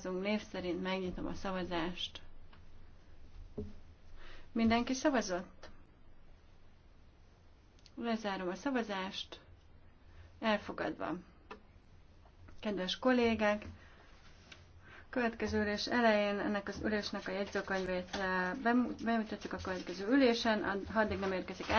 szavazunk név szerint, megnyitom a szavazást. Mindenki szavazott? Lezárom a szavazást. Elfogadva. Kedves kollégák, következő ülés elején ennek az ülésnek a jegyzőkönyvét eh, bemutatjuk a következő ülésen, addig nem érkezik ellen.